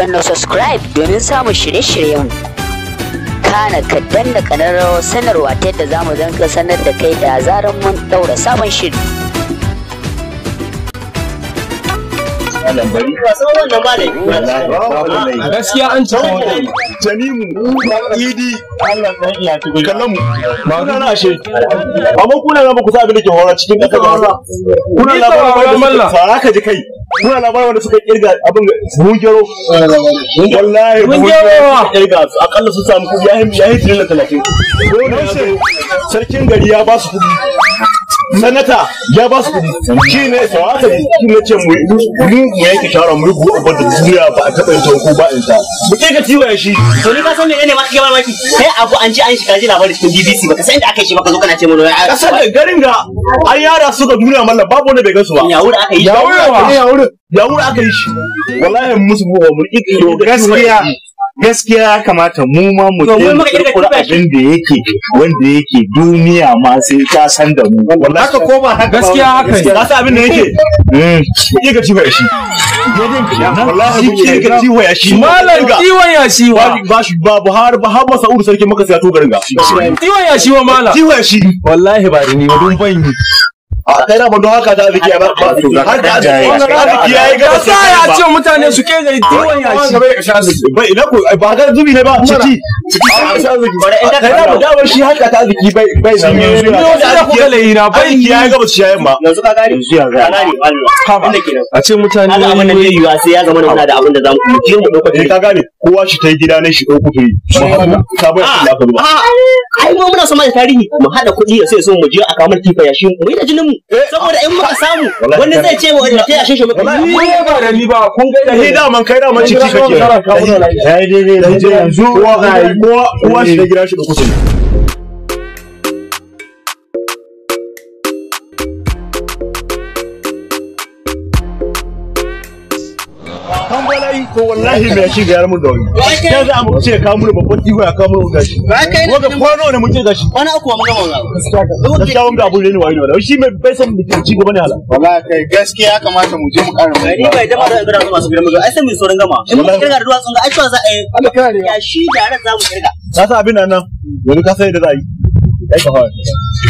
danna subscribe domin samun shirye-shiryen kana ka danna kanar sanarwa ta yadda za mu zanka sanar da kai da zarar mun daura sabon shiri malam bari wallahi gaskiya an ci idi ba kuna na amma kuna na ba ku sa cikin ba kuna labarin wanda fara ka ji kai kuna labarin wanda suka kirga abin bugero wallahi bugero kirga akalla sun samu kudi ya yi sarkin gari ya ba su kudi sanata ya ba su kuɗi shi ne sawata shi ne ce mu mu yanke shawara mu rubu abin da duniya ba a taɓa yin tanko ba in ta mu ke ka ciwaye shi to ni ka san ne ma kake mamaki kai abu an ji an shi kaji labarin cikin BBC ba ka san inda aka yi shi ba ka zo kana ce mu wai kasar da garin ga an yara suka duniya mallam babu wanda bai gansu ba ya wuri aka yi ya wuri ya wuri aka yi shi wallahi musu buwa mu gaskiya gaskiya ya kamata mu ma mu kirkir abin da yake wanda yake duniya ma sai ta san da mu haka ko ba haka gaskiya haka ka san abin da yake ki ga ciwa shi wallahi ki ga ciwa ya shi malam ciwa ya shi wa ba shi ba Buhari ba har masa uru sarki maka sai to garin ga ciwa ya shi wa malam ciwa ya shi wallahi ba ni ba dun ban yi kai na haka da ba haka ga sa ya mutane su ke da diwan yashi ba ina ku ba ga zubi ne ba ciki kai na da ba shi haka bai bai ne da ku bai ba yanzu ka gari ga gari a ce mutane abin da yiwa sai ya zama muna da abin da zamu mu je mu dauka ka gane kowa shi tai gida ne shi ka bai b'a ai mu muna son mai tarihi mu hada kuɗi sai so mu je a kawo ya shi mu yi da jinin mu Eh, saboda in muka samu wani zai ce wa wanda shi ni ba da ni ba kun ga ni da man kai da man ciki kake dai dai dai yanzu kowa kowa eh. shi da gida shi da kusuri gwanayi to wallahi mai shi ga yarmu da wani ya za mu ce ka mun babban ihu ya ka mun gashi wanda kwano ne mun ce gashi wani akuwa mun gama wannan gaskiya wanda abu ne wani wani shi mai bai san mutum ci gaba ne hala wallahi kai gaskiya kamata mu je mu ƙara mu ni bai dama da masu gidan mu ai sai mu sauran gama in mun kirga da duwatsun ga ai cewa za a yi ya shi da ran za mu kirga ka san abin nan yanzu ka sai da za a yi ai ka fara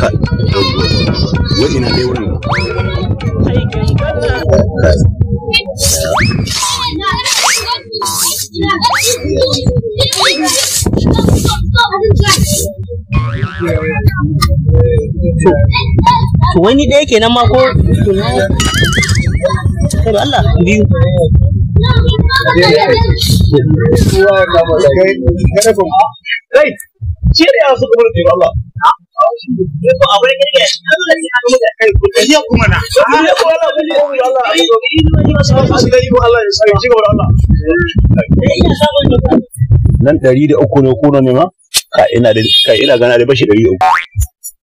wai ina dai wurin wani ɗaya kenan ma ko kai Allah biyu kada ban ba kai cire su kamar Allah iya kuma na nan ɗari da uku ne kuna ne ma ka ina gana da bashi ɗari da uku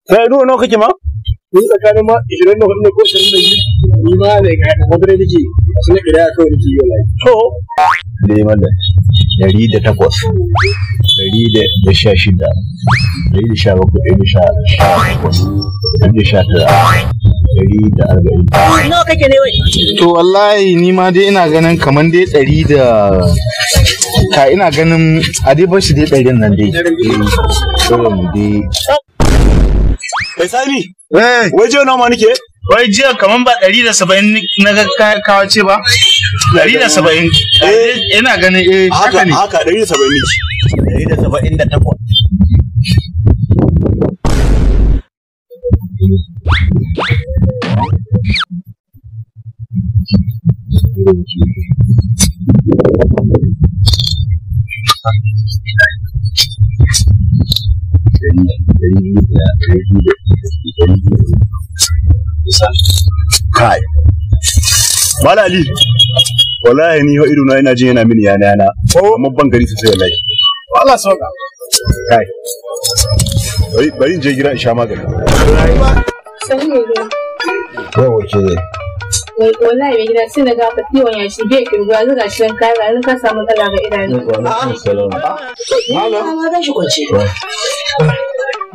sai duwa nawa kake ma ni tsakanin ma ko ni ma ne ga madara nake sun kira kawai nake to lemalan dari da takwas dari da sha shida dari da sha bakwai dari da sha takwas dari da sha tara dari da arba'in. Nawa kake ne wai? To wallahi ni ma dai ina ganin kamar dai ɗari da ka ina ganin a dai bar shi dai ɗarin nan dai. Saboda dai. Kai Sani. Eh. Wai jiya nawa ma nake? Wai jiya kamar ba ɗari da saba'in na kawace ba. Dari da saba'in. Eh. Ina ganin eh haka ne. Haka dari da saba'in ne. Dari da saba'in da takwas. Kai. malali wallahi ni fa ido na ina jin yana mini yana yana amma ban gari sosai wallahi Allah so kai bari bari je gida in sha magani sai ne wai wace ne wallahi mai gida sai na ga fatiwa ya shi bai kirguwa zuga shi kan kai ba ka samu matsala ga idanu malam ma zan shi kwance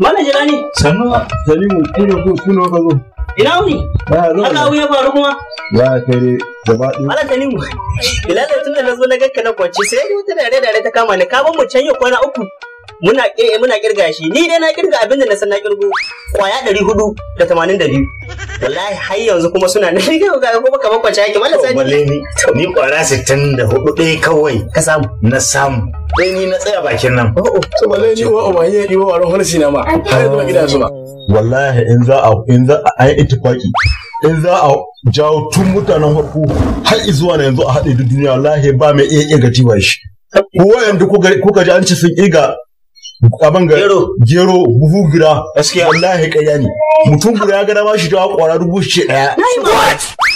malam jirani sannu salimu ina ko tuno ka zo ina wuni Allah ya faru kuma ya kai dai gaba ɗaya. Ala tani mu. Bilal tun da nazo na ganka na kwance sai yi wata dare dare ta kama ni ka ban mu can yau kwana uku. Muna kirga eh, muna kirga shi ni dai na kirga abin da na san na kirgo kwaya ɗari hudu da tamanin da biyu. Wallahi har yanzu kuma suna na riga ga kuma kamar kwance yake mallam sani. Balle ni ni kwara sittin da hudu ɗaya kawai ka samu. Na samu. Ɗaya ni na tsaya bakin nan. Oh, oh. To balle ni wa wa yi wa wa rahon sinama har yanzu ba gida su ba. Wallahi in za a in za a yi ittifaki in za a jawo tun mutanen farko har zuwa na yanzu a haɗe da duniya wallahi ba mai iya iya jiwa shi Kowa yanzu kuka ji an ci sun iga abin ga gero buhu ya wallahi ya ne mutum guda ya gada ma shi jawo ƙwara dubu shi ɗaya